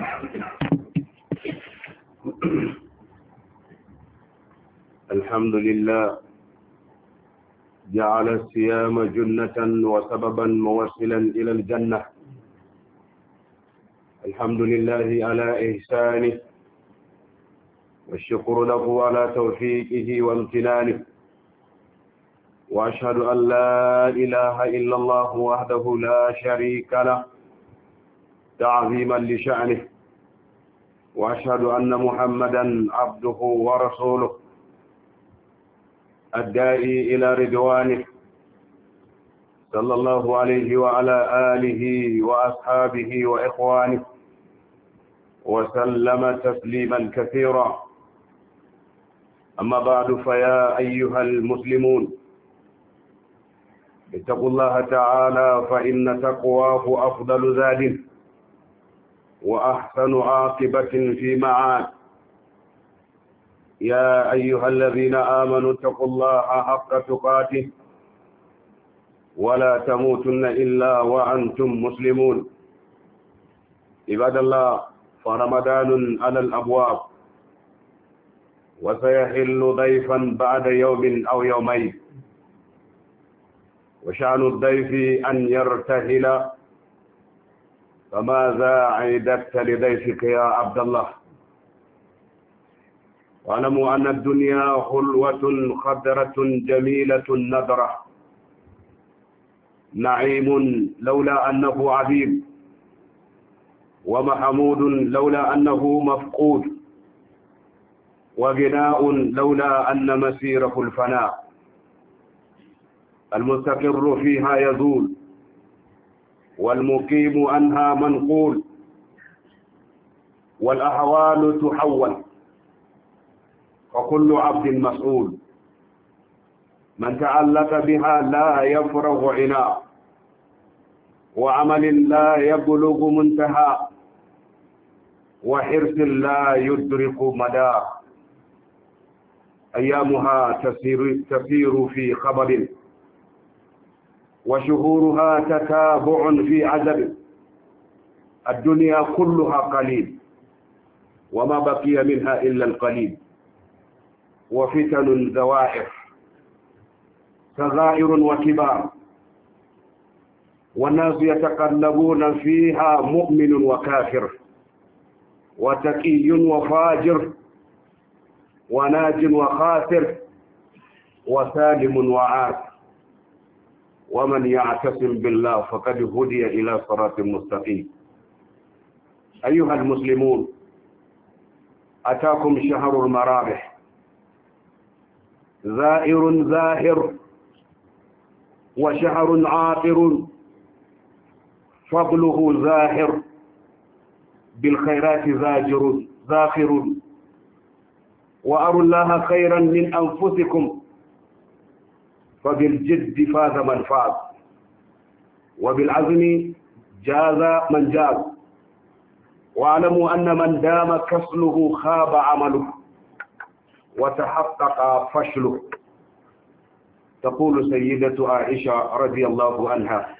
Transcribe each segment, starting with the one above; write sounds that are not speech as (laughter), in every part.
(coughs) الحمد لله جعل الصيام جنة وسببا موصلا إلى الجنة الحمد لله على إحسانه والشكر له على توفيقه وامتنانه وأشهد أن لا إله إلا الله وحده لا شريك له تعظيما لشأنه وأشهد أن محمدا عبده ورسوله الدائي إلى رضوانه صلى الله عليه وعلى آله وأصحابه وإخوانه وسلم تسليما كثيرا أما بعد فيا أيها المسلمون اتقوا الله تعالى فإن تقواه أفضل ذلك وأحسن عاقبة في معاد يا أيها الذين آمنوا اتقوا الله حق تقاته ولا تموتن إلا وأنتم مسلمون عباد الله فرمضان على الأبواب وسيحل ضيفا بعد يوم أو يومين وشأن الضيف أن يرتهل فماذا عيدت لضيفك يا عبد الله واعلموا أن الدنيا خلوه خضرة جميلة نظرة نعيم لولا أنه عظيم ومحمود لولا أنه مفقود وغناء لولا أن مسيره الفناء المستقر فيها يزول والمقيم أنها منقول والأحوال تحول وكل عبد مسؤول من تعلق بها لا يفرغ عناء وعمل لا يبلغ منتهى وحرص لا يدرك مدى أيامها تسير, تسير في خبر وشهورها تتابع في عدد الدنيا كلها قليل وما بقي منها إلا القليل وفتن زوائف صغائر وكبار والناس يتقلبون فيها مؤمن وكافر وتقي وفاجر وناج وخاسر وسالم وعاس ومن يعتصم بالله فقد هدي إلى صراط مستقيم أيها المسلمون أتاكم شهر المرابح زائر زاهر وشهر عاطر فضله زاهر بالخيرات زاجر زاخر وأروا الله خيرا من أنفسكم فبالجد فاز من فاز وبالعزم جاز من جاز واعلموا أن من دام كسله خاب عمله وتحقق فشله تقول سيدة عائشة رضي الله عنها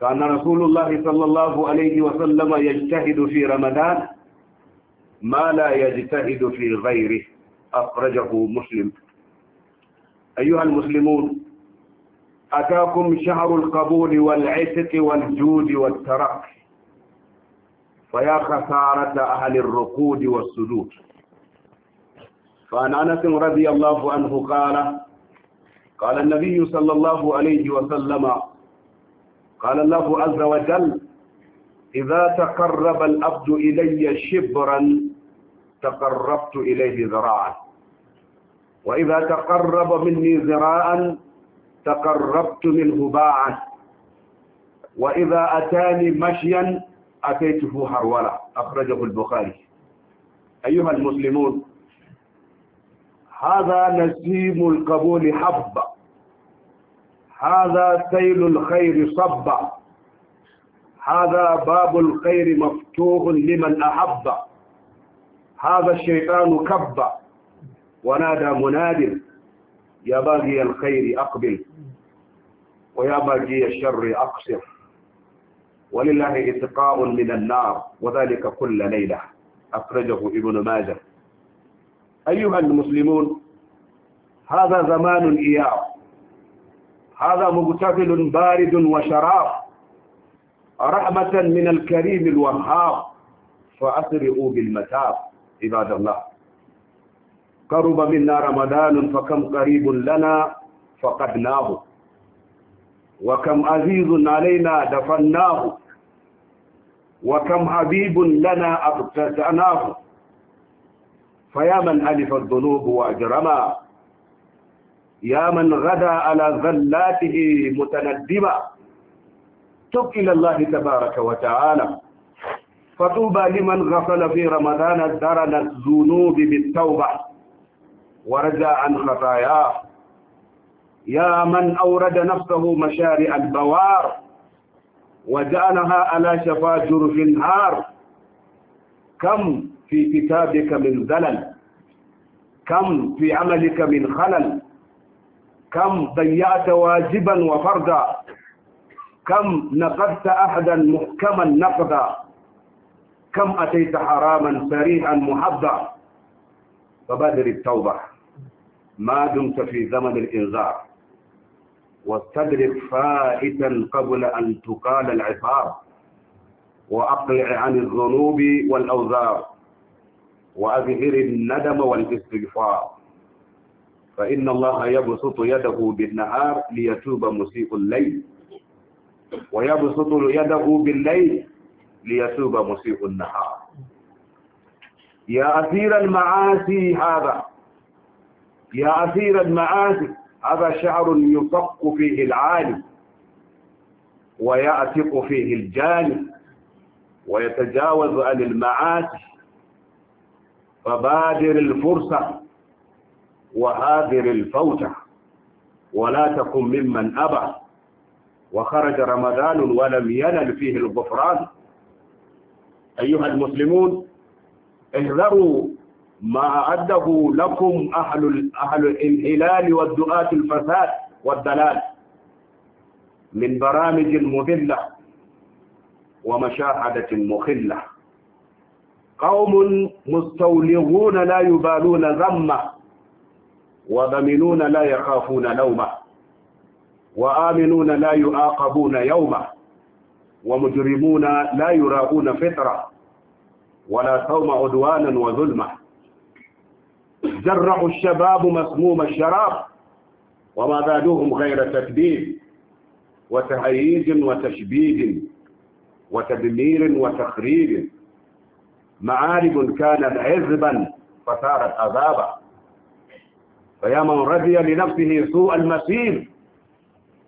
كان رسول الله صلى الله عليه وسلم يجتهد في رمضان ما لا يجتهد في غيره أخرجه مسلم أيها المسلمون أتاكم شهر القبول والعتق والجود والترقي فيا خسارة أهل الركود والسجود فعن أنس رضي الله عنه قال قال النبي صلى الله عليه وسلم قال الله عز وجل إذا تقرب الأبد إلي شبرا تقربت إليه ذراعا وإذا تقرب مني ذراعا تقربت منه باعا وإذا أتاني مشيا أتيته هرولة أخرجه البخاري أيها المسلمون هذا نسيم القبول حبا هذا سيل الخير صبا هذا باب الخير مفتوح لمن أحب هذا الشيطان كبّ ونادى مناد يا باغي الخير أقبل ويا باغي الشر أقصر ولله اتقاء من النار وذلك كل ليلة أخرجه ابن ماجه أيها المسلمون هذا زمان إياه هذا مغتفل بارد وشراب رحمة من الكريم الوهاب فأسرئوا بالمتاب عباد الله قرب منا رمضان فكم قريب لنا فقدناه وكم عزيز علينا دفناه وكم حبيب لنا أبتسأناه فيا من ألف الذنوب وأجرما يا من غدا على ذلاته متندما تب إلى الله تبارك وتعالى فطوبى لمن غفل في رمضان الدرن الذنوب بالتوبة ورجى عن خطاياه يا من أورد نفسه مشارع البوار وجعلها على شفا جرف هار كم في كتابك من زلل كم في عملك من خلل كم ضيعت واجبا وفردا كم نقدت أحدا محكما نقدا كم أتيت حراما سريعا محضا فبادر التوبة ما دمت في زمن الإنذار واستدرك فائتا قبل أن تقال العثار وأقلع عن الذنوب والأوزار وأظهر الندم والاستغفار فإن الله يبسط يده بالنهار ليتوب مسيء الليل ويبسط يده بالليل ليتوب مسيء النهار يا أثير المعاصي هذا يا أثير المآسي هذا شعر يطق فيه العالي ويعتق فيه الجاني ويتجاوز عن المعاش فبادر الفرصة وهاذر الفوجة ولا تكن ممن أبى وخرج رمضان ولم ينل فيه الغفران أيها المسلمون احذروا ما أعده لكم أهل, أهل الانحلال والدعاة الفساد والدلال من برامج مذلة ومشاهدة مخلة قوم مستولغون لا يبالون ذمة وضمنون لا يخافون لومة وآمنون لا يعاقبون يومه ومجرمون لا يراؤون فطرة ولا ثوم عدوانا وظلمه يتزرع الشباب مسموم الشراب وما زادوهم غير تكذيب وتهييج وتشبيب وتدمير وتخريب معارب كانت عذبا فصارت عذابا فيا من رضي لنفسه سوء المسير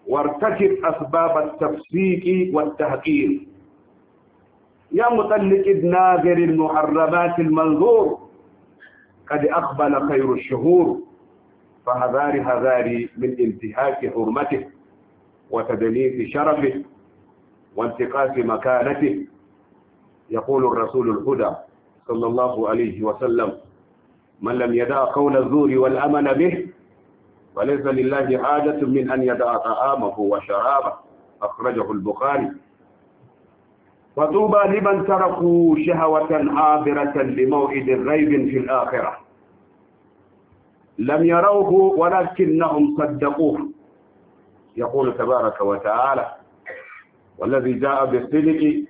وارتكب أسباب التفسيق والتهكير يا مطلق الناظر المحرمات المنظور قد أقبل خير الشهور فهذاري هذاري من انتهاك حرمته وتدنيس شرفه وانتقاص مكانته يقول الرسول الهدى صلى الله عليه وسلم من لم يدع قول الزور والأمن به وليس لله حاجة من أن يدع طعامه وشرابه أخرجه البخاري فطوبى لمن تركوا شهوة عابرة لموعد غيب في الآخرة لم يروه ولكنهم صدقوه يقول تبارك وتعالى والذي جاء بالصدق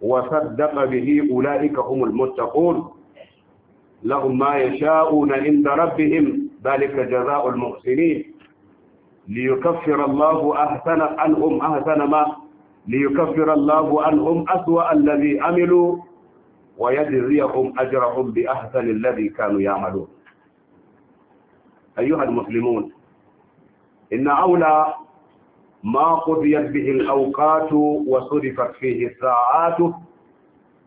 وصدق به أولئك هم المتقون لهم ما يشاءون عند ربهم ذلك جزاء المحسنين ليكفر الله أحسن عنهم أحسن ما ليكفر الله عنهم أسوأ الذي عملوا ويجزيهم أجرهم بأحسن الذي كانوا يعملون أيها المسلمون إن أولى ما قضيت به الأوقات وصرفت فيه الساعات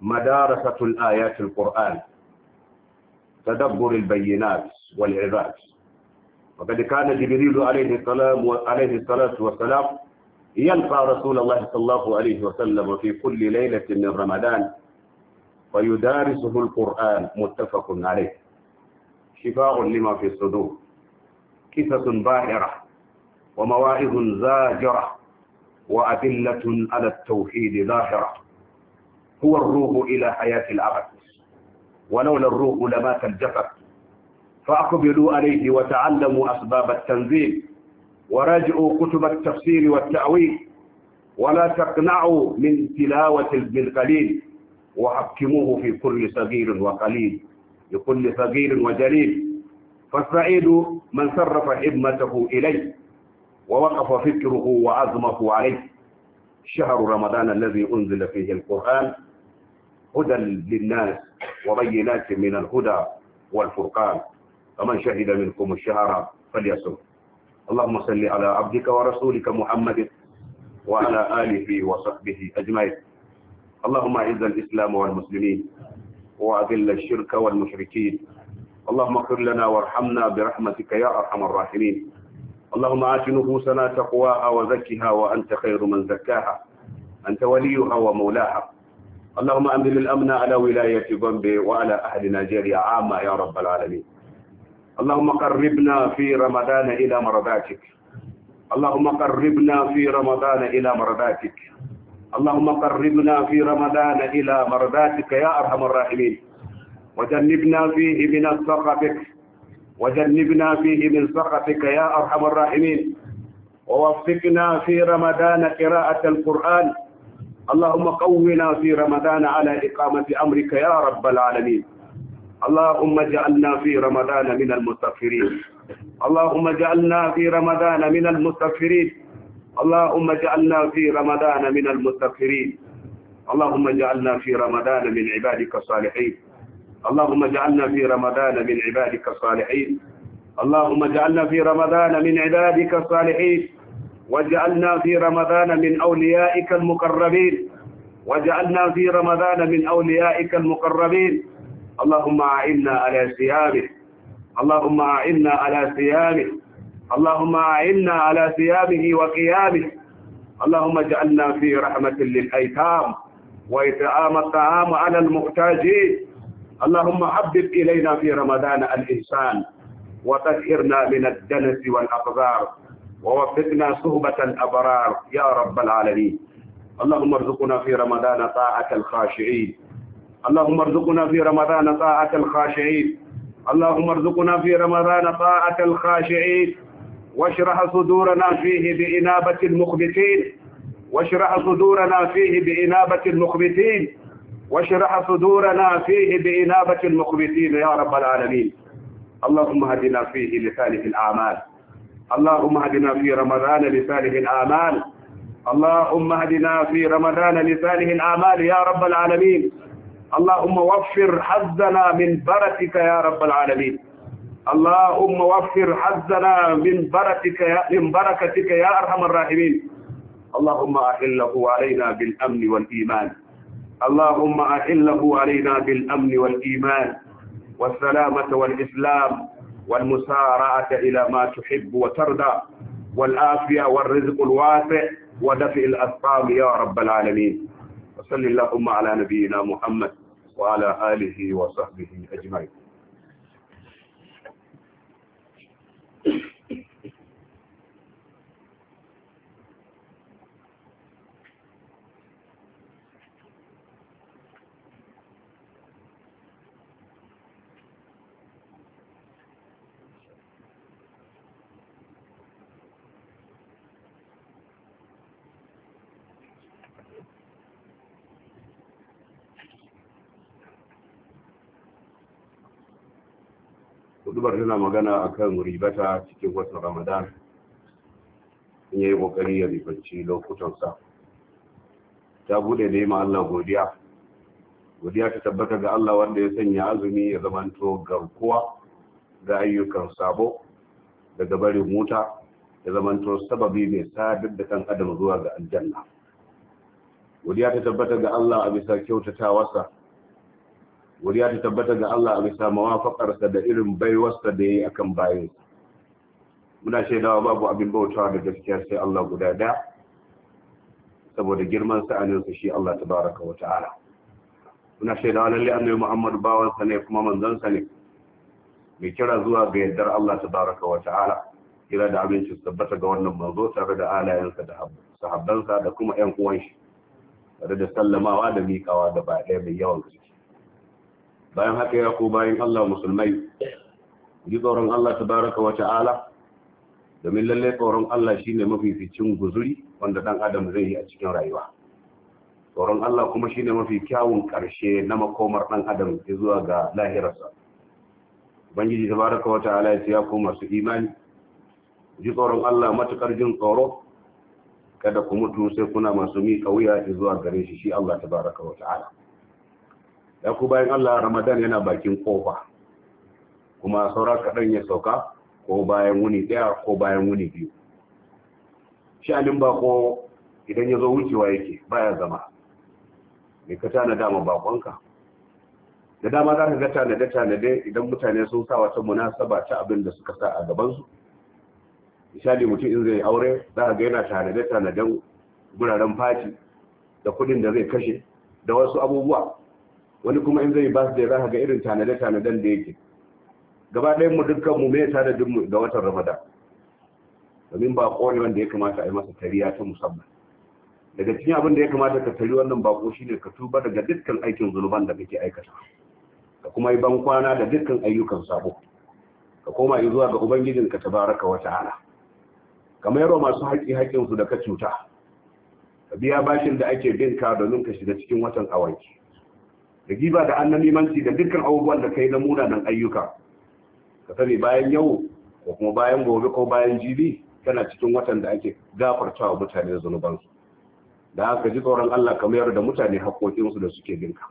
مدارسة الآيات القرآن تدبر البينات والعباد وقد كان جبريل عليه السلام عليه الصلاة والسلام يلقى رسول الله صلى الله عليه وسلم في كل ليلة من رمضان ويدارسه القرآن متفق عليه شفاء لما في الصدور قصص باهرة ومواعظ زاجرة وأدلة على التوحيد ظاهرة هو الروح إلى حياة الأبد ولولا الروح لمات الجسد فأقبلوا عليه وتعلموا أسباب التنزيل وراجعوا كتب التفسير والتأويل ولا تقنعوا من تلاوة القليل وحكموه في كل صغير وقليل لكل صغير وجليل فالسعيد من صرف حمته إليه ووقف فكره وعزمه عليه شهر رمضان الذي أنزل فيه القرآن هدى للناس وبينات من الهدى والفرقان فمن شهد منكم الشهر فليصوم اللهم صل على عبدك ورسولك محمد وعلى آله وصحبه أجمعين اللهم أعز الإسلام والمسلمين وأذل الشرك والمشركين اللهم اغفر لنا وارحمنا برحمتك يا أرحم الراحمين اللهم آت نفوسنا تقواها وزكها وأنت خير من زكاها أنت وليها ومولاها اللهم أنزل الأمن على ولاية بومبي وعلى أهل نيجيريا عامة يا رب العالمين اللهم قربنا في رمضان إلى مرضاتك اللهم قربنا في رمضان إلى مرضاتك اللهم قربنا في رمضان إلى مرضاتك يا أرحم الراحمين وجنبنا فيه من سخطك وجنبنا فيه من سخطك يا أرحم الراحمين ووفقنا في رمضان قراءة القرآن اللهم قونا في رمضان على إقامة أمرك يا رب العالمين اللهم اجعلنا في رمضان من المستغفرين اللهم اجعلنا في رمضان من المستغفرين اللهم اجعلنا في رمضان من المستغفرين اللهم اجعلنا في رمضان من عبادك الصالحين اللهم اجعلنا في رمضان من عبادك الصالحين اللهم اجعلنا في رمضان من عبادك الصالحين واجعلنا في رمضان من أوليائك المقربين واجعلنا في رمضان من أوليائك المقربين اللهم أعنا على صيامه اللهم أعنا على صيامه اللهم أعنا على صيامه وقيامه اللهم اجعلنا في رحمة للأيتام وإطعام الطعام على المحتاجين اللهم حبب إلينا في رمضان الإنسان وطهرنا من الدنس والأقذار ووفقنا صحبة الأبرار يا رب العالمين اللهم ارزقنا في رمضان طاعة الخاشعين اللهم ارزقنا في رمضان طاعة الخاشعين اللهم ارزقنا في رمضان طاعة الخاشعين واشرح صدورنا فيه بإنابة المخبتين واشرح صدورنا فيه بإنابة المخبتين واشرح صدورنا فيه بإنابة المخبتين يا رب العالمين اللهم هدنا فيه لصالح الأعمال اللهم هدنا في رمضان لصالح الأعمال اللهم هدنا في رمضان لصالح الأعمال يا رب العالمين اللهم وفر حظنا من بركتك يا رب العالمين اللهم وفر حظنا من بركتك يا من بركتك يا ارحم الراحمين اللهم احله علينا بالامن والايمان اللهم أحله علينا بالأمن والإيمان والسلامة والإسلام والمسارعة إلى ما تحب وترضى والآفية والرزق الواسع ودفع الأسقام يا رب العالمين وصل اللهم على نبينا محمد وعلى آله وصحبه أجمعين hudubar tana magana a kan ribata cikin watan ramadan in ya yi kokari ya ribanci lokutansa ta bude da yi Allah godiya godiya ta tabbata ga Allah wanda ya sanya azumi ya zamanto garkuwa ga ayyukan sabo daga barin wuta ya zamanto sababi mai sadar da kan adam zuwa ga aljanna godiya ta tabbata ga Allah a bisa kyautatawarsa wuriya ta tabbata ga Allah a bisa mawafaƙarsa da irin baiwarsa da ya yi akan bayan muna shaidawa babu abin bautawa da gaskiya sai Allah guda da saboda girman sa'aninsa shi Allah tabaraka wa ta'ala muna shaidawa lalle annabi Muhammad bawansa ne kuma manzansa ne mai kira zuwa ga yardar Allah tabaraka wa ta'ala kira da abinci tabbata ga wannan manzo tare da alayensa da sahabbansa da kuma ƴan uwan shi tare da sallamawa da miƙawa da ba ɗaya mai yawan gaske bayan haka ya ko bayan Allah musulmai ji tsoron Allah ta baraka wa ta'ala domin lallai tsoron Allah shi mafi ficin guzuri wanda ɗan adam zai yi a cikin rayuwa tsoron Allah kuma shi ne mafi kyawun ƙarshe na makomar ɗan adam zuwa ga lahirarsa ubangiji baraka wa ta'ala ya siya ya ko masu imani ji tsoron Allah matuƙar jin tsoro kada ku mutu sai kuna masu miƙa wuya zuwa gare shi shi Allah ta baraka wa ta'ala ya ku bayan Allah Ramadan yana bakin kofa kuma saura kaɗan ya sauka ko bayan wuni ɗaya ko bayan wuni biyu sha'anin bako idan ya zo wucewa yake baya zama me ka tana dama bakonka da dama za ka ga tanade-tanade idan mutane sun sa wata munasaba ta abin da suka sa a gabansu misali mutum in zai aure za ka ga yana tanade-tanaden guraren faci da kudin da zai kashe da wasu abubuwa wani kuma in zai ba su da za ga irin tanade-tanaden da yake gaba ɗayan mu dukkan mu mai tanadin mu ga watan ramadan domin ba kone wanda ya kamata a yi masa tariya ta musamman daga cikin abin da ya kamata ka tari wannan bako shine ka tuba daga dukkan aikin zunuban da kake aikata ka kuma yi bankwana da dukkan ayyukan sabo ka koma zuwa ga ubangijinka tabaraka wata ala. kamar yarwa masu haƙƙi-haƙƙinsu da ka cuta ka biya bashin da ake bin ka domin ka shiga cikin watan awanki da giba da annamimanci da dukkan abubuwan da kai na munanan ayyuka ka sani bayan yau ko kuma bayan gobe ko bayan jibi kana cikin watan da ake gafartawa mutane zunubansu da haka ji tsoron Allah ka mayar da mutane haƙoƙinsu da suke binka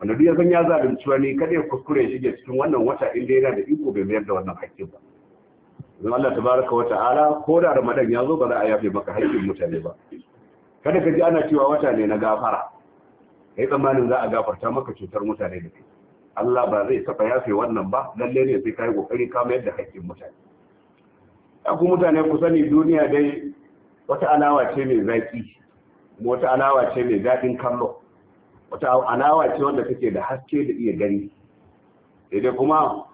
wanda duk ya ya zalunci wani kada ya kuskure shige cikin wannan wata inda yana da iko bai mayar da wannan haƙƙin ba don Allah tabaraka wa ta'ala ko da Ramadan ya zo ba za a yafe maka haƙƙin mutane ba kada ka ji ana cewa wata ne na gafara kai tsammanin za a gafarta maka cutar mutane da kai Allah ba zai taɓa yafe wannan ba lalle ne sai kai kokari ka mayar da haƙƙin mutane ya ku mutane ku sani duniya dai wata alawa ce mai zaki wata alawa ce mai daɗin kallo wata alawa ce wanda take da haske da iya gani sai kuma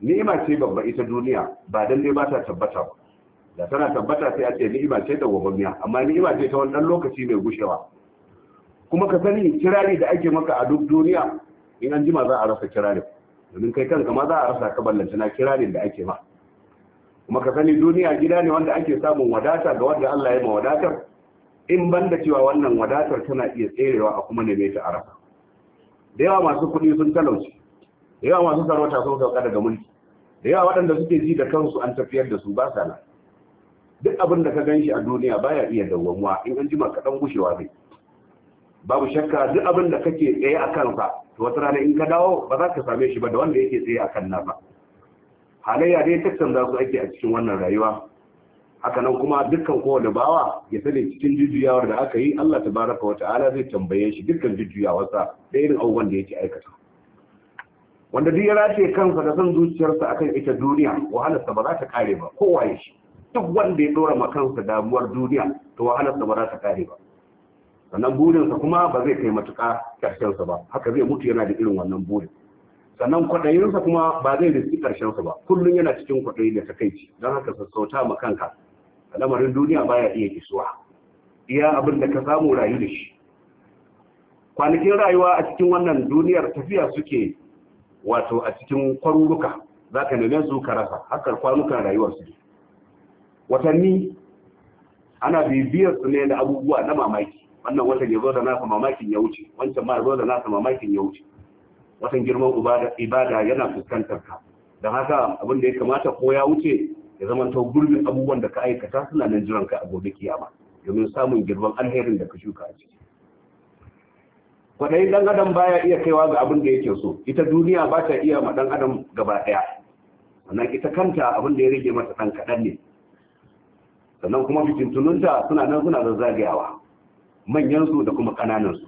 ni'ima ce babba ita duniya ba dan dai ba ta tabbata ba da tana tabbata sai a ce ni'ima ce da gwagwamiya amma ni'ima ce ta wani ɗan lokaci mai gushewa kuma ka sani kirari da ake maka a duk duniya in an jima za a rasa kirarin domin kai kanka ma za a rasa ka ballanta na kirarin da ake ma kuma ka sani duniya gida ne wanda ake samun wadata ga wanda Allah ya ma wadatar in banda cewa wannan wadatar tana iya tserewa a kuma neme ta arafa da yawa masu kuɗi sun talauci da yawa masu sarauta sun sauka daga mulki da yawa waɗanda suke ji da kansu an tafiyar da su ba sa nan duk abin da ka gan shi a duniya baya iya dawwamuwa in an jima kaɗan gushewa zai babu shakka duk abin da kake tsaye a kansa to wata rana in ka dawo ba za ka same shi ba da wanda yake tsaye a kan nasa halayya dai tattan za su ake a cikin wannan rayuwa haka nan kuma dukkan kowane bawa ya sani cikin jujjuyawar da aka yi Allah ta tabaraka wata ta'ala zai tambaye shi dukkan jujjuyawarsa da irin abubuwan da yake aikata wanda duk ya race kansa da son zuciyarsa akan ita duniya wahalarsa ba za ta kare ba kowa ya shi duk wanda ya dora ma kansa damuwar duniya to wahalarsa ba za ta kare ba sannan burinsa kuma ba zai kai matuƙa ƙarshensa ba haka zai mutu yana da irin wannan burin sannan kwaɗayinsa kuma ba zai riski ƙarshensa ba kullum yana cikin kwaɗayi da takaici don haka sassauta ma kanka lamarin duniya baya iya isuwa iya abin da ka samu rayu da shi kwanakin rayuwa a cikin wannan duniyar tafiya suke wato a cikin kwaruruka za ka neme su ka rasa haka kwanukan rayuwar su watanni ana bibiyar su ne da abubuwa na mamaki wannan watan ya zo da nasa mamakin ya wuce wancan ma ya zo da nasa mamakin ya wuce watan girman ibada yana fuskantar ka don haka abin da ya kamata ko ya wuce ya zama ta gurbin abubuwan da ka aikata suna nan jiran ka a gobe kiyama domin samun girman alherin da ka shuka a ciki kwaɗayin ɗan adam baya iya kaiwa ga abin da yake so ita duniya ba ta iya ma ɗan adam gaba ɗaya sannan ita kanta abin da ya rage mata ɗan kaɗan ne sannan kuma fitintununta suna nan suna zazzagayawa manyansu da kuma ƙananansu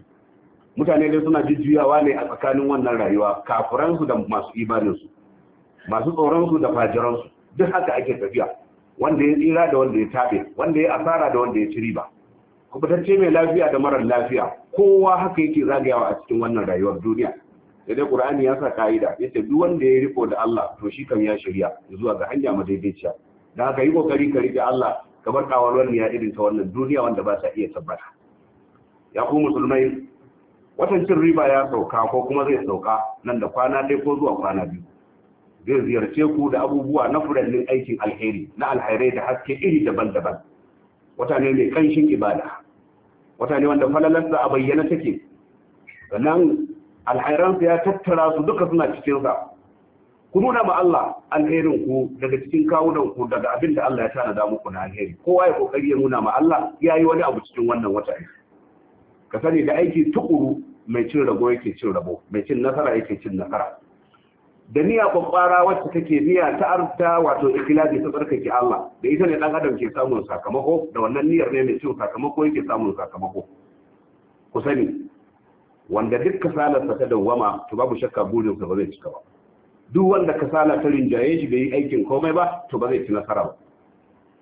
mutane dai suna jujjuyawa ne a tsakanin wannan rayuwa kafuransu da masu imaninsu masu tsoronsu da fajiransu duk haka ake tafiya wanda ya tsira da wanda ya tabe wanda ya asara da wanda ya ci riba ce mai lafiya da marar lafiya kowa haka yake zagayawa a cikin wannan rayuwar duniya sai dai qur'ani ya sa ka'ida yadda duk wanda ya riko da Allah to shi kan ya shirya zuwa ga hanya madaidaiciya da haka yi kokari ka rike Allah ka bar kawalwar ya irin ta wannan duniya wanda ba sa iya tabbata ya ku musulmai watan cin riba ya sauka ko kuma zai sauka nan da kwana dai ko zuwa kwana biyu zai ziyarce ku da abubuwa na furannin aikin alheri na alherai da haske iri daban-daban wata ne mai kanshin ibada wata ne wanda falalarsa a bayyana take sannan alhairansa ya tattara su duka suna cikinsa ku nuna ma Allah alherin ku daga cikin kawunan ku daga abin da Allah ya da muku na alheri kowa ya kokari ya nuna ma Allah ya yi wani abu cikin wannan wata ka sani da aiki tukuru mai cin rabo yake cin rabo mai cin nasara yake cin nasara da niyya kwakwara wacce take niyya ta arta wato ikilabi ta tsarkake Allah da ita ne dan adam ke samun sakamako da wannan niyyar ne mai cin sakamako yake samun sakamako ku sani wanda duk kasalarsa ta dawwama to babu shakka burinsa ba zai cika ba duk wanda kasala ta rinjaye shi bai yi aikin komai ba to ba zai ci nasara ba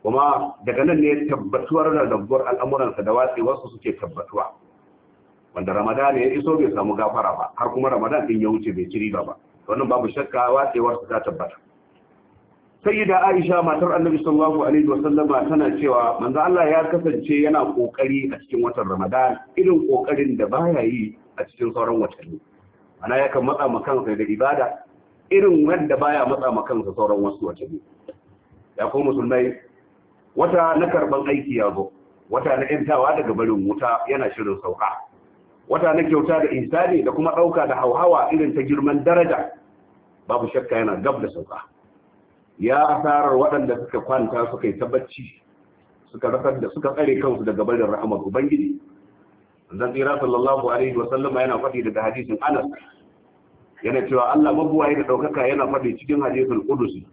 kuma daga nan ne tabbatuwar da dabbar al'amuransa da watsi wasu suke tabbatuwa wanda ramadan ya iso bai samu gafara ba har kuma ramadan din ya wuce bai ci riba ba wannan babu shakka watsewar ta tabbata sayyida aisha matar annabi sallallahu alaihi wasallama tana cewa manzo Allah ya kasance yana kokari a cikin watan ramadan irin kokarin da baya yi a cikin sauran watanni ana yakan matsa ma kansa da ibada irin wanda baya matsa ma kansa sauran wasu watanni ya ko musulmai wata na karban aiki ya zo wata na yantawa daga barin wuta yana shirin sauka wata na kyauta da insani da kuma ɗauka da hauhawa irin ta girman daraja babu shakka yana gab da sauka ya asarar waɗanda suka kwanta suka yi ta bacci suka rasar da suka tsare kansu daga bayan rahamar ubangiji zan tsira sallallahu alaihi wasallama yana faɗi daga hadisin anas yana cewa Allah mabuwaye da ɗaukaka yana faɗi cikin hadisul qudusi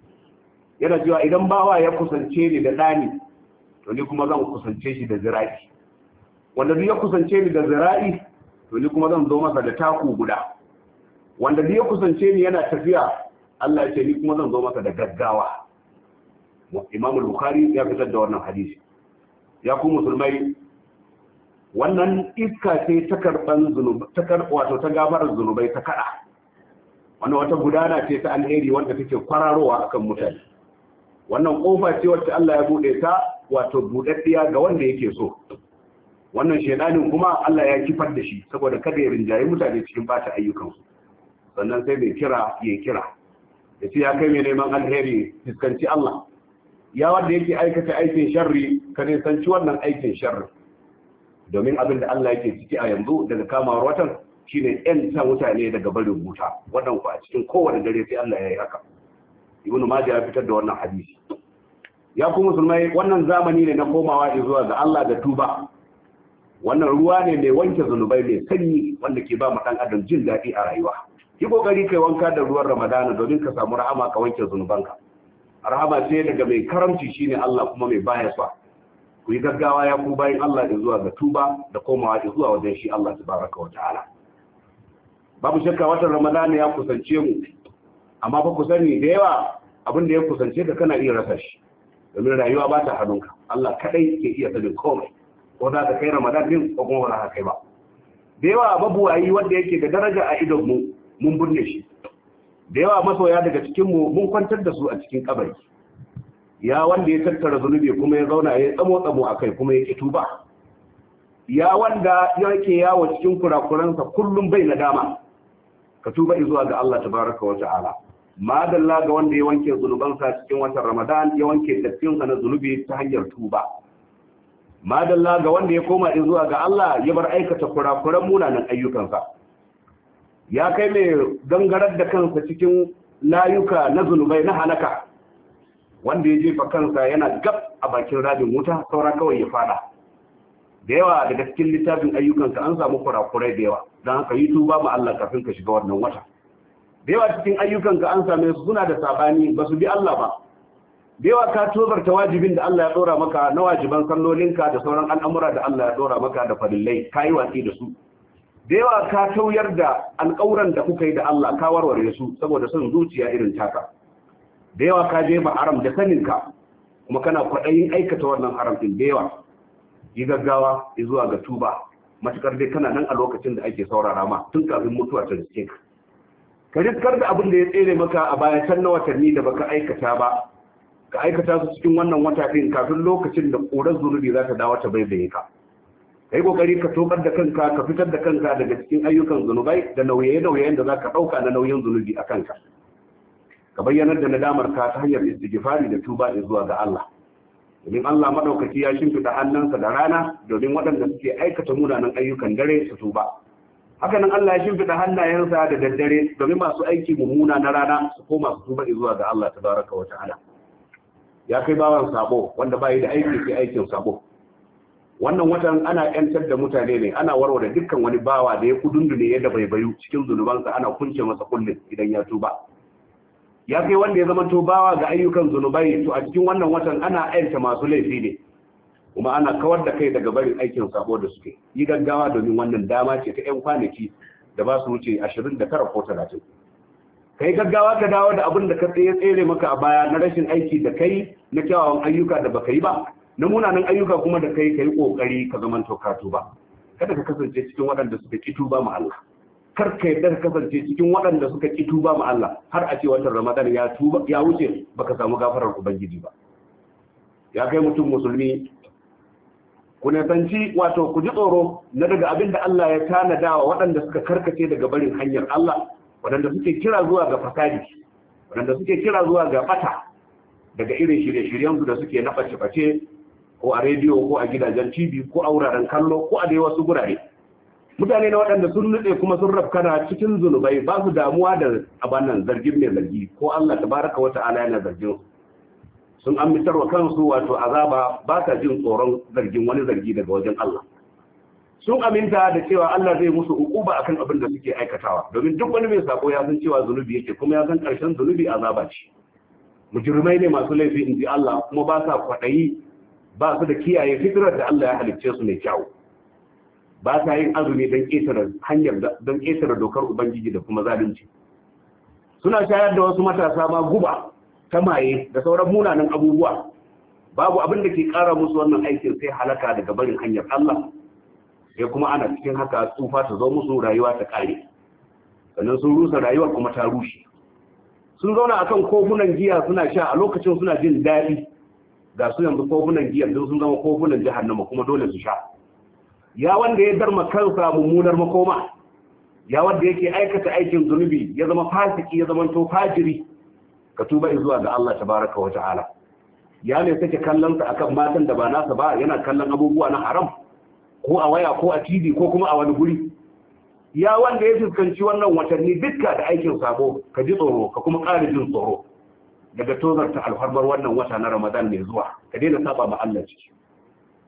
yana cewa idan bawa ya kusance ni da ɗani to ni kuma zan kusance shi da zira'i wanda duk ya kusance ni da zira'i to ni kuma zan zo masa da taku guda wanda da ya kusance ni yana tafiya Allah ya ce ni kuma zan zo masa da gaggawa Imam Bukhari ya fitar da wannan hadisi ya ku musulmai wannan iska ce ta karban zunubai ta wato ta gabar zunubai ta kada wannan wata gudana ce ta alheri wanda take kwararowa akan mutane wannan kofa ce wacce Allah ya bude ta wato budaddiya ga wanda yake so wannan shedanin kuma Allah ya kifar da shi saboda kada ya rinjaye mutane cikin bata ayyukansu sannan sai mai kira ya kira ya ce ya kai mai neman alheri fuskanci Allah ya wanda yake aikata aikin sharri ka ci wannan aikin sharri domin abin da Allah yake ciki a yanzu daga kamar watan shine yan sa mutane daga barin buta wannan ku a cikin kowane dare sai Allah ya yi haka ibnu maji ya fitar da wannan hadisi ya ku musulmai wannan zamani ne na komawa zuwa ga Allah da tuba wannan ruwa ne mai wanke zunubai mai sanyi wanda ke ba ɗan adam jin daɗi a rayuwa yi kokari kai wanka da ruwan ramadana domin ka samu rahama ka wanke zunubanka rahama ce daga mai karamci shine Allah kuma mai baya sa ku yi gaggawa ya ku bayan Allah da zuwa ga tuba da komawa da zuwa wajen shi Allah tabaraka wa ta'ala babu shakka watan ramadana ya kusance mu amma fa ku sani da yawa abin da ya kusance ka kana iya rasa shi domin rayuwa ba ta hannunka Allah kaɗai ke iya sanin komai ko za ka kai ramadan din ko kuma ba za ka kai ba da yawa mabuwayi wanda yake da daraja a idon mu mun burne shi da yawa masoya daga cikin mu mun kwantar da su a cikin kabari ya wanda ya tattara zunubi kuma ya zauna ya tsamo tsamo akai kuma ya ki tuba ya wanda yake yawo cikin kurakuransa kullum bai nadama ka tuba zuwa ga Allah tabaraka wa ta'ala madalla ga wanda ya wanke zunubansa cikin watan Ramadan ya wanke dattinsa na zunubi ta hanyar tuba madalla ga wanda ya koma zuwa ga Allah ya bar aikata kurakuran munanan ayyukansa ya kai mai gangarar da kansa cikin layuka na zunubai na halaka wanda ya jefa kansa yana gab a bakin rabin wuta saura kawai ya fada da yawa daga cikin littafin ayyukanka an samu kurakurai da yawa don haka yi tuba ma Allah kafin ka shiga wannan wata da yawa cikin ayyukanka an same su suna da sabani ba su bi Allah ba da yawa ka tozarta wajibin da Allah ya dora maka na wajiban sallolinka da sauran al'amura da Allah ya dora maka da fadillai ka yi watsi da su da ka tauyar da alƙawuran da kuka yi da Allah ka warware su saboda son zuciya irin taka da yawa ka jefa haram da saninka kuma kana kwaɗayin aikata wannan haram ɗin da yi gaggawa zuwa ga tuba matukar dai kana nan a lokacin da ake saurara ma tun kafin mutuwa ta riske ka ka riskar da abin da ya tsere maka a baya can na watanni da baka aikata ba ka aikata su cikin wannan wata ɗin kafin lokacin da ƙoran zunubi za ta dawo ta baibaye ka ka yi ƙoƙari ka tokar da kanka ka fitar da kanka daga cikin ayyukan zunubai da nauye-nauyen da za ka ɗauka na nauyin zunubi a kanka ka bayyanar da nadamar ka ta hanyar istighfari da tuba zuwa ga Allah domin Allah madaukaki ya shimfida hannunsa da rana domin waɗanda suke aikata munanan ayyukan dare su tuba haka nan Allah ya shimfida hannayensa da daddare domin masu aiki mummuna na rana su koma su tuba zuwa ga Allah tabaraka wa ta'ala ya kai bawan sabo wanda bai da aiki sai aikin sabo wannan watan ana yantar da mutane ne ana warware dukkan wani bawa da ya kudundune yadda bai bayu cikin zunubansa ana kunce masa kullum idan ya tuba ya kai wanda ya zama to bawa ga ayyukan zunubai to a cikin wannan watan ana ayyanta masu laifi ne kuma ana kawar da kai daga barin aikin sabo da suke yi gaggawa domin wannan dama ce ta 'yan kwanaki da ba su wuce 29 ko 30 ka yi gaggawa ka dawo da abin da ka tsaye tsere maka a baya na rashin aiki da kai na kyawawan ayyuka da baka yi ba na munanan ayyuka kuma da kai ka kokari ka zama tokatu ba kada ka kasance cikin waɗanda suka ki tuba ma Allah kar ka yarda ka kasance cikin waɗanda suka ki tuba ma Allah har a ce watan Ramadan ya tuba ya wuce baka samu gafarar ubangiji ba ya kai mutum musulmi ku tanci wato ku ji tsoro na daga abin da Allah ya tanada wa waɗanda suka karkace daga barin hanyar Allah waɗanda suke kira zuwa ga fasadi waɗanda suke kira zuwa ga bata daga irin shirye-shiryensu da suke na face-face ko a rediyo ko a gidajen tv ko a wuraren kallo ko a dai wasu gurare mutane na waɗanda sun nutse kuma sun rafkana cikin zunubai ba su damuwa da abannan zargin mai zargi ko allah tabaraka wata ta'ala yana zargin sun amintar wa kansu wato azaba ba ka jin tsoron zargin wani zargi daga wajen allah sun aminta da cewa Allah zai musu ukuba akan abin da suke aikatawa domin duk wani mai sako ya san cewa zunubi yake kuma ya san karshen zunubi azaba ce mujrimai ne masu laifi in ji Allah kuma ba sa kwadayi ba su da kiyaye fitrar da Allah ya halicce su mai kyau ba sa yin azumi don ƙetare hanyar don ƙetare dokar ubangiji da kuma zalunci suna shayar da wasu matasa ma guba ta maye da sauran munanan abubuwa babu abin da ke ƙara musu wannan aikin sai halaka daga barin hanyar Allah sai kuma ana cikin haka tsufa ta zo musu rayuwa ta kare sannan sun rusa rayuwar kuma ta rushe sun zauna akan kofunan giya suna sha a lokacin suna jin daɗi ga su yanzu kofunan giya yanzu sun zama kofunan jahannama kuma dole su sha ya wanda ya darma kansa mummunar makoma ya wanda yake aikata aikin zunubi ya zama fasiki ya zama to fajiri ka tuba zuwa ga Allah tabaraka wa ta'ala ya ne sake kallon sa akan matan da ba nasa ba yana kallon abubuwa na haram ko a waya ko a tv ko kuma a wani guri ya wanda ya fuskanci wannan watanni dukka da aikin sabo ka ji tsoro ka kuma ƙara jin tsoro daga ta alfarmar wannan wata na ramadan mai zuwa ka daina saba ma Allah ciki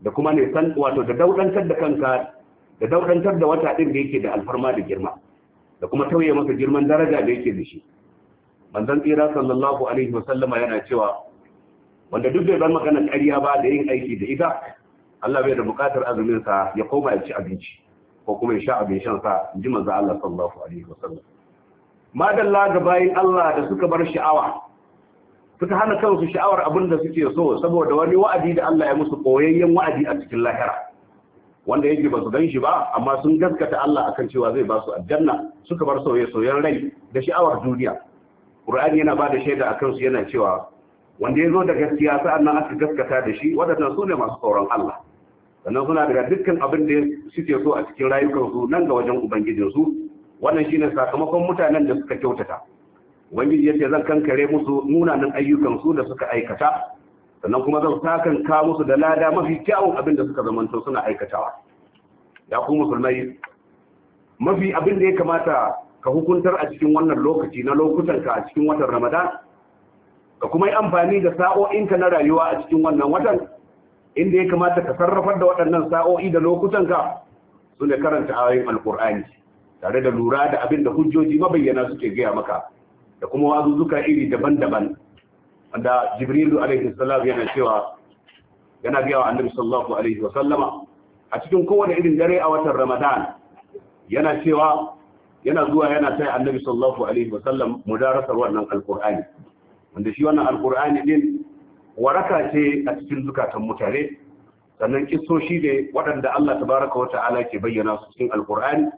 da kuma ne san wato da daudantar da kanka da daudantar da wata din da yake da alfarma da girma da kuma tauye masa girman daraja da yake da shi manzon tsira sallallahu alaihi wasallama yana cewa wanda duk bai zama magana ƙarya ba da yin aiki da ita Allah bai da bukatar azumin sa ya koma ya ci abinci ko kuma ya sha abin shan sa in ji manzo Allah sallallahu alaihi wasallam madalla ga bayin Allah da suka bar sha'awa suka hana kansu sha'awar abin da suke so saboda wani wa'adi da Allah ya musu koyayyen wa'adi a cikin lahira wanda yake ba su gan shi ba amma sun gaskata Allah akan cewa zai ba su aljanna suka bar soyayya soyayyen rai da sha'awar duniya Qur'ani yana ba da shaida akan su yana cewa wanda ya zo da gaskiya sa'an nan aka gaskata da shi waɗannan su ne masu tsoron Allah sannan suna daga dukkan abin da suke so a cikin rayukansu nan ga wajen ubangijinsu wannan shine sakamakon mutanen da suka kyautata ubangiji ce zan kankare musu munanan ayyukansu da suka aikata sannan kuma zan sakanka musu da lada mafi kyawun abin da suka zamanto suna aikatawa ya ku musulmai mafi abin da ya kamata ka hukuntar a cikin wannan lokaci na lokutan ka a cikin watan ramadan ka kuma yi amfani da sa'o'inka na rayuwa a cikin wannan watan inda ya kamata ka sarrafar da waɗannan sa'o'i da lokutan ka su ne karanta ayoyin alkur'ani tare da lura da abin da hujjoji mabayyana suke gaya maka da kuma wazuzzuka iri daban-daban wanda jibrilu alaihi salam yana cewa yana biya wa annabi sallallahu alaihi wa sallama a cikin kowane irin dare a watan ramadan yana cewa yana zuwa yana taya annabi sallallahu alaihi wa sallam mudarasar wannan alkur'ani wanda shi wannan alkur'ani din waraka ce a cikin zukatan mutane sannan kisoshi ne waɗanda Allah tabaraka wa ta'ala ke bayyana su cikin alkur'ani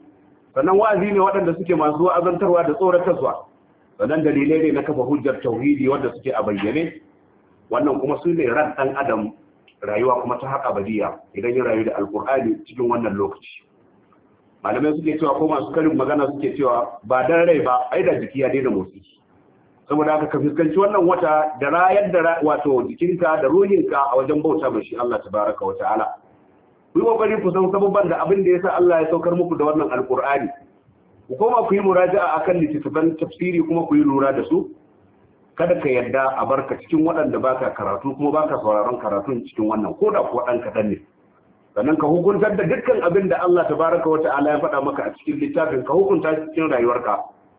sannan wa'azi ne waɗanda suke masu wa'azantarwa da tsoratarwa sannan dalilai ne na kafa hujjar tauhidi wanda suke a bayyane wannan kuma su ne ran ɗan adam rayuwa kuma ta haƙa badiya idan ya rayu da alkur'ani cikin wannan lokaci malamai suke cewa ko masu karin magana suke cewa ba dan rai ba ai da jiki ya daina motsi saboda haka ka fuskanci wannan wata da rayar da wato jikinka da ruhinka a wajen bauta mai shi Allah tabaraka wa ta'ala ku yi kokari ku san sababban da abin da yasa Allah ya saukar muku da wannan alqur'ani ku koma ku yi muraja'a akan littafan tafsiri kuma ku yi lura da su kada ka yadda a barka cikin waɗanda baka karatu kuma baka sauraron karatun cikin wannan ko da kuwa ɗan kaɗan ne sannan ka hukuntar da dukkan abin da Allah tabaraka wa ta'ala ya faɗa maka a cikin littafin ka hukunta cikin rayuwarka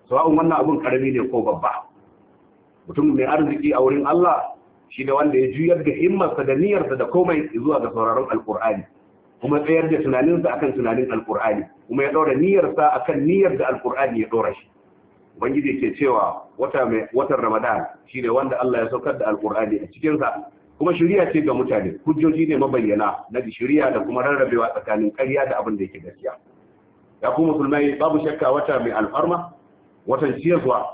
sawa'un wannan abin karami ne ko babba mutum mai arziki a wurin Allah shi da wanda ya juyar da himmarsa da niyyarsa da komai zuwa ga sauraron alkur'ani kuma tsayar da tunaninsa akan tunanin alkur'ani kuma ya ɗaura niyyarsa akan niyyar da alkur'ani ya ɗora shi ubangiji ke cewa wata mai watan ramadan shi ne wanda Allah ya saukar da alkur'ani a cikinsa kuma shari'a ce ga mutane hujjoji ne mabayyana na shari'a da kuma rarrabewa tsakanin ƙarya da abin da yake gaskiya ya kuma musulmai babu shakka wata mai alfarma watan ciyarwa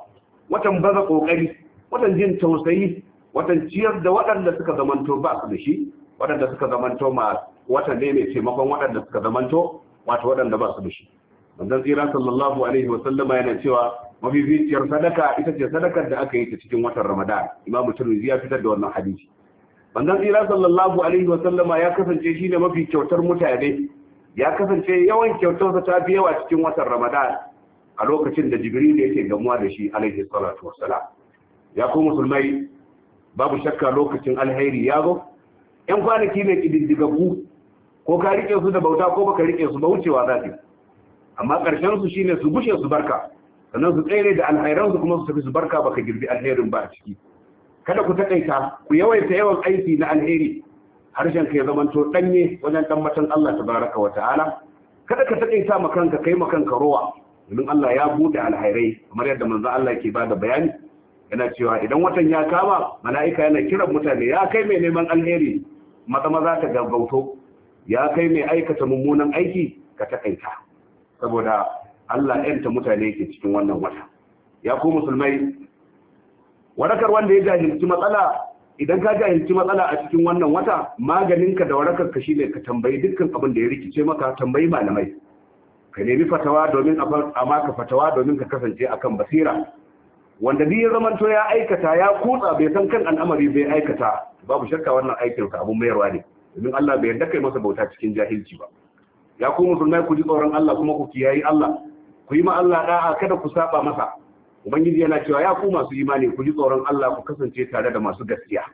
watan baza kokari watan jin tausayi watan ciyar da waɗanda suka zamanto ba su da shi waɗanda suka zamanto ma watan ne mai taimakon waɗanda suka zamanto wato waɗanda ba su da shi manzon tsira sallallahu alaihi wa sallama yana cewa mafificiyar sadaka ita ce sadakar da aka yi ta cikin watan ramadan imamu tirmidhi ya fitar da wannan hadisi manzon tsira sallallahu alaihi wa sallama ya kasance shi ne mafi kyautar mutane ya kasance yawan kyautarsa ta fi yawa cikin watan ramadan a lokacin da jibril yake gamuwa da shi alaihi salatu wassalam ya ku musulmai babu shakka lokacin alheri ya zo yan kwanaki ne kididdigaggu ko ka riƙe su da bauta ko baka rike su ba wucewa za su amma ƙarshen su shine su bushe su barka sannan su tsere da alhairan su kuma su tafi su barka baka girbi alherin ba a ciki kada ku takaita ku yawaita yawan aiki na alheri harshen ka ya zamanto ɗanye wajen tambatan Allah tabaraka wa ta'ala kada ka takaita makanka kai makanka rowa domin Allah ya buɗe alhairai kamar yadda manzon Allah ke bada bayani yana cewa idan watan ya kama mala'ika yana kiran mutane ya kai mai neman alheri maza maza ka gaggauto ya kai mai aikata mummunan aiki ka takaita saboda Allah ɗanta mutane ke cikin wannan wata ya ku musulmai warakar wanda ya jahilci matsala idan ka jahilci matsala a cikin wannan wata maganinka da warakar ka shine ka tambayi dukkan abin da ya rikice maka tambayi malamai ka nemi fatawa domin a maka fatawa domin ka kasance akan basira wanda duk ya zamanto ya aikata ya kutsa bai san kan al'amari bai aikata babu shakka wannan aikin ka abun mayarwa ne domin Allah bai yarda kai masa bauta cikin jahilci ba ya ku musulmai ku ji tsoron Allah kuma ku kiyayi Allah ku yi ma Allah da'a kada ku saba masa ubangiji yana cewa ya ku masu imani ku ji tsoron Allah ku kasance tare da masu gaskiya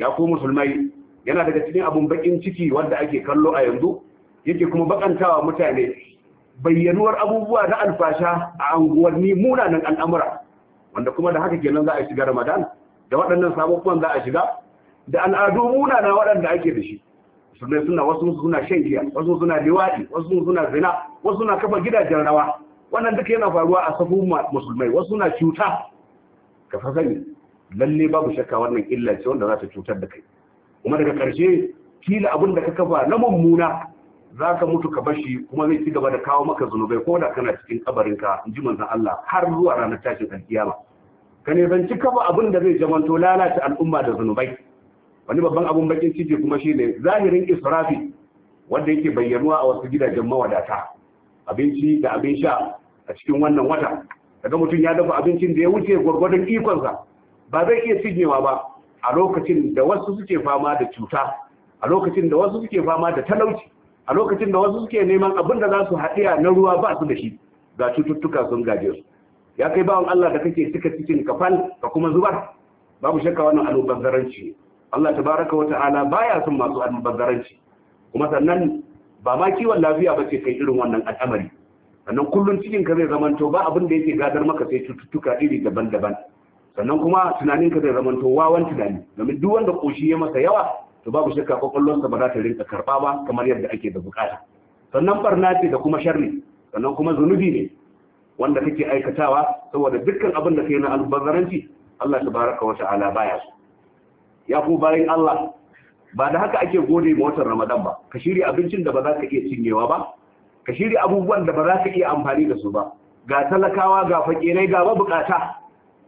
ya ku musulmai yana daga cikin abun bakin ciki wanda ake kallo a yanzu yake kuma bakantawa mutane bayyanuwar abubuwa na alfasha a anguwanni munanan al'amura wanda kuma da haka kenan za a shiga ramadan da waɗannan sababbin za a shiga da al'adu muna na waɗanda ake da shi sannan suna wasu suna shan giya wasu suna liwaɗi wasu suna zina wasu suna kafa gidajen rawa wannan duka yana faruwa a safin musulmai wasu suna cuta ka fa sani lalle babu shakka wannan illa ce wanda za ta cutar da kai kuma daga ƙarshe kila abin da ka kafa na mummuna za ka mutu ka bashi kuma zai ci gaba da kawo maka zunubai ko da kana cikin kabarinka in ji manzan Allah har zuwa ranar tashin alkiyama ka nisanci kafa abin da zai jamanto lalata al'umma da zunubai wani babban abin bakin ciki kuma shine zahirin israfi wanda yake bayyanuwa a wasu gidajen mawadata abinci da abin sha a cikin wannan wata daga mutum ya dafa abincin da ya wuce gwargwadon ikonsa ba zai iya cinyewa ba a lokacin da wasu suke fama da cuta a lokacin da wasu suke fama da talauci a lokacin da wasu suke neman abin da za su haɗiya na ruwa ba su da shi ga cututtuka sun gaje su ya kai bawan Allah da kake cika cikin kafal ka kuma zubar babu shakka wannan almubazzaranci Allah tabaraka wata'ala baya son masu almubazzaranci kuma sannan ba ma kiwon lafiya ba ce kai irin wannan al'amari sannan kullum cikin ka zai zamanto ba abin da yake gadar maka sai cututtuka iri daban-daban sannan kuma tunanin ka zai zamanto wawan tunani domin duk wanda koshi ya masa yawa to babu shakka kwakwallonsa ba za ta rinka karɓa ba kamar yadda ake da bukata sannan barna ce da kuma sharri sannan kuma zunubi ne wanda kake aikatawa saboda dukkan abin da kai na albazaranci Allah tabaraka wa ta'ala baya su ya ku bayan Allah ba da haka ake gode ma watan Ramadan ba ka shirya abincin da ba za ka iya cinyewa ba ka shirya abubuwan da ba za ka iya amfani da su ba ga talakawa ga fakirai ga bukata.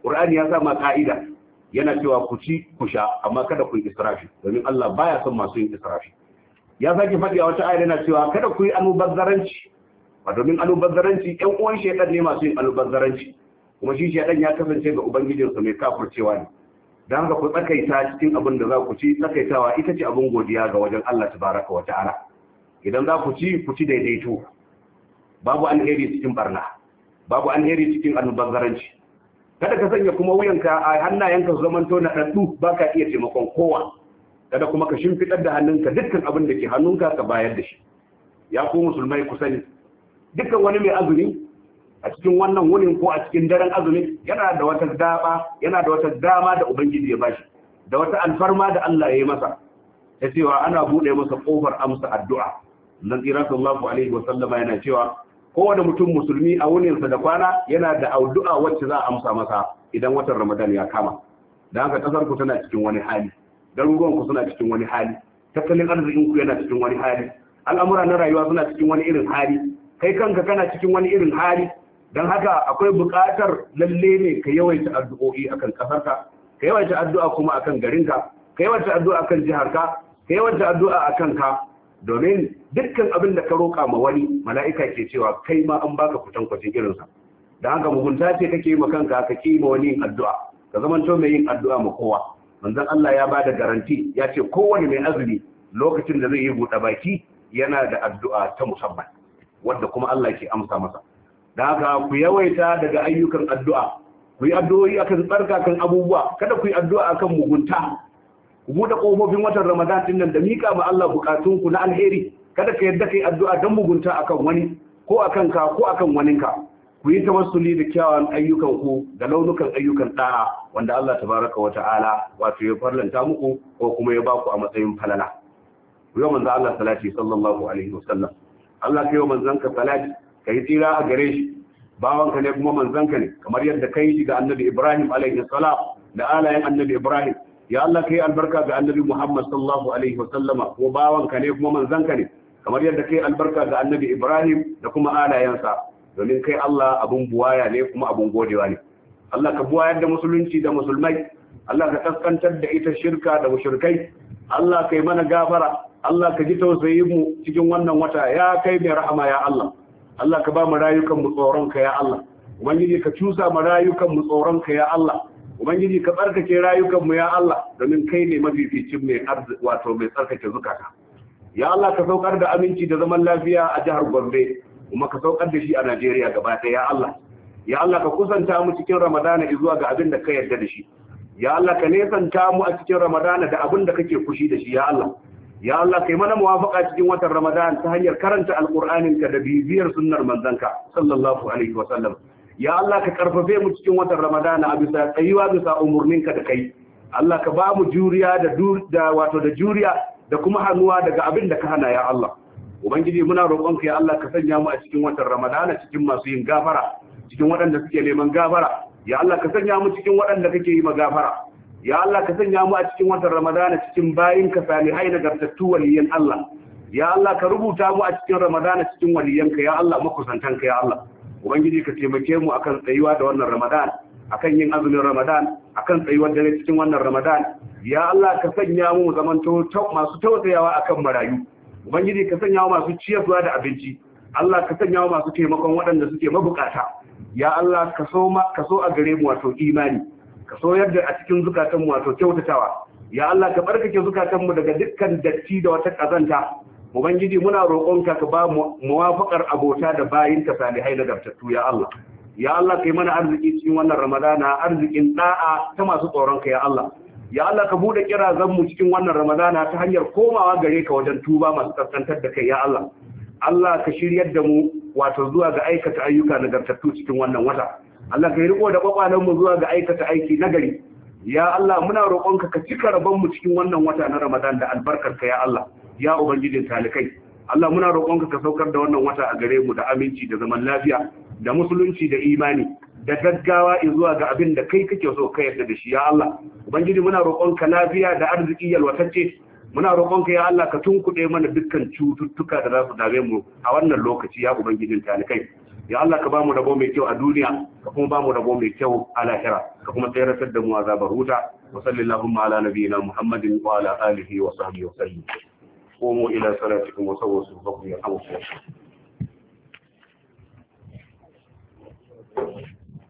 Qur'ani ya sa ma ka'ida yana cewa ku ci ku sha amma kada ku yi israfi domin Allah baya son masu yin israfi ya sake faɗi a wata ayar yana cewa kada ku yi almubazzaranci ba domin almubazzaranci ƴan uwan shaidan ne masu yin almubazzaranci kuma shi shaidan ya kasance ga ubangijinsa mai kafurcewa ne dan haka ku tsakaita cikin abin da za ku ci tsakaitawa ita ce abin godiya ga wajen Allah tabaraka wa ta'ala idan za ku ci ku ci daidaito babu alheri cikin barna babu alheri cikin almubazzaranci kada ka sanya kuma wuyanka a hannayenka su zamanto na ɗaɗɗu ba ka iya taimakon kowa kada kuma ka shimfiɗar da hannunka dukkan abin da ke hannunka ka bayar da shi ya ku musulmai ku sani dukkan wani mai azumi a cikin wannan wurin ko a cikin daren azumi yana da wata dama yana da wata dama da ubangiji ya bashi da wata alfarma da Allah ya yi masa ta cewa ana buɗe masa kofar amsa addu'a nan tsira sallallahu alaihi wa sallama yana cewa kowane mutum musulmi a sa da kwana yana da addu'a wacce za a amsa masa idan watan ramadan ya kama da haka kasar ku tana cikin wani hali garuruwan ku suna cikin wani hali tattalin arzikin ku yana cikin wani hali al'amura na rayuwa suna cikin wani irin hali kai kanka kana cikin wani irin hali don haka akwai buƙatar lalle ne ka yawaita addu'o'i akan kasarka ka yawaita addu'a kuma akan garinka ka yawaita addu'a akan jiharka ka yawaita addu'a akan ka domin dukkan abin da ka roƙa ma wani mala'ika ke cewa kai ma an baka kutan kwacin irinsa da haka mugunta ce kake ma kanka ka ki ma wani addu'a ka zamanto mai yin addu'a ma kowa manzon Allah ya bada garanti ya ce kowane mai azumi lokacin da zai yi buɗe baki yana da addu'a ta musamman wadda kuma Allah ke amsa masa da haka ku yawaita daga ayyukan addu'a ku yi addu'o'i akan tsarkakan abubuwa kada ku yi addu'a akan mugunta ku buɗe ƙofofin watan ramadan din nan da mika ma Allah bukatun ku na alheri kada ka yadda kai addu'a dan mugunta akan wani ko akan ka ko akan waninka ku yi tawassuli da kyawawan ayyukan ku da launukan ayyukan da'a wanda Allah tabaraka wa ta'ala wato ya farlanta muku ko kuma ya baku a matsayin falala ku manzo Allah salati sallallahu alaihi wasallam Allah kai wa ka salati kai tsira a gare shi bawanka ne kuma manzan ka ne kamar yadda kai shi ga annabi Ibrahim alaihi salam da alayen annabi Ibrahim ya Allah kai albarka ga annabi Muhammad sallallahu alaihi wa sallama ko bawanka ne kuma ka ne kamar yadda kai albarka ga annabi Ibrahim da kuma alayansa domin kai Allah abun buwaya ne kuma abun godewa ne Allah ka buwayar da musulunci da musulmai Allah ka kaskantar da ita shirka da mushrikai Allah kai mana gafara Allah ka ji tausayin mu cikin wannan wata ya kai mai rahama ya Allah Allah ka ba mu rayukan mu tsoron ka ya Allah ubangiji ka cusa mu rayukan mu tsoron ka ya Allah ubangiji ka tsarkake rayukanmu ya Allah domin kai ne mafificin mai wato mai tsarkake zukata ya Allah ka saukar da aminci da zaman lafiya a jihar Gombe kuma ka saukar da shi a Najeriya gaba ɗaya ya Allah ya Allah ka kusanta mu cikin Ramadana zuwa ga abin da ka yarda da shi ya Allah ka nesanta mu a cikin Ramadana da abin da kake kushi da shi ya Allah ya Allah kai mana muwafaka cikin watan Ramadan ta hanyar karanta Alƙur'aninka da bibiyar sunnar manzanka sallallahu alaihi wa sallam ya Allah ka karfafe mu cikin watan Ramadana a bisa tsayuwa bisa umurninka da kai Allah ka ba mu juriya da da wato da juriya da kuma hannuwa daga abin da ka hana ya Allah ubangiji muna ka ya Allah ka sanya mu a cikin watan Ramadana cikin masu yin gafara cikin waɗanda suke neman gafara ya Allah ka sanya mu cikin waɗanda kake yi magafara ya Allah ka sanya mu a cikin watan Ramadana cikin bayin ka salihai nagartattu waliyan Allah ya Allah ka rubuta mu a cikin Ramadana cikin waliyanka ya Allah makusantanka ya Allah ubangiji ka taimake mu akan tsayuwa da wannan ramadan akan yin azumin ramadan akan tsayuwar dare cikin wannan ramadan ya Allah ka sanya mu zamanto masu tausayawa akan marayu ubangiji ka sanya mu masu ciyarwa da abinci Allah ka sanya mu masu taimakon waɗanda suke mabukata ya Allah ka so ka so a gare mu wato imani ka so yadda a cikin zukatan mu wato kyautatawa ya Allah ka barkake zukatan mu daga dukkan datti da wata kazanta ubangiji muna roƙonka ka ba mu muwafaqar abota da bayinka salihai da dabtattu ya Allah ya Allah kai mana arziki cikin wannan ramadana arzikin da'a ta masu tsoronka ya Allah ya Allah ka buɗe kirazan mu cikin wannan ramadana ta hanyar komawa gare ka wajen tuba masu kaskantar da kai ya Allah Allah ka shiryar da mu wato zuwa ga aikata ayyuka nagartattu cikin wannan wata Allah ka yi riko da kwakwalen mu zuwa ga aikata aiki nagari ya Allah muna roƙonka ka cika rabon mu cikin wannan wata na Ramadan da albarkarka ya Allah ya ubangijin talikai Allah muna roƙonka ka saukar da wannan wata a gare mu da aminci da zaman lafiya da musulunci da imani da gaggawa zuwa ga abin da kai kake so ka yarda da shi ya Allah ubangiji muna roƙonka lafiya da arziki yalwatacce muna roƙonka ya Allah ka tunkuɗe mana dukkan cututtuka da za su dame mu a wannan lokaci ya ubangijin talikai ya Allah ka ba bamu rabo mai kyau a duniya ka kuma ba bamu rabo mai kyau a lahira ka kuma tsayar da mu azabar huta wa sallallahu ala nabiyina muhammadin wa ala alihi wa sahbihi wa sallam قوموا إلى صلاتكم وصووا صدقكم يرحمكم الله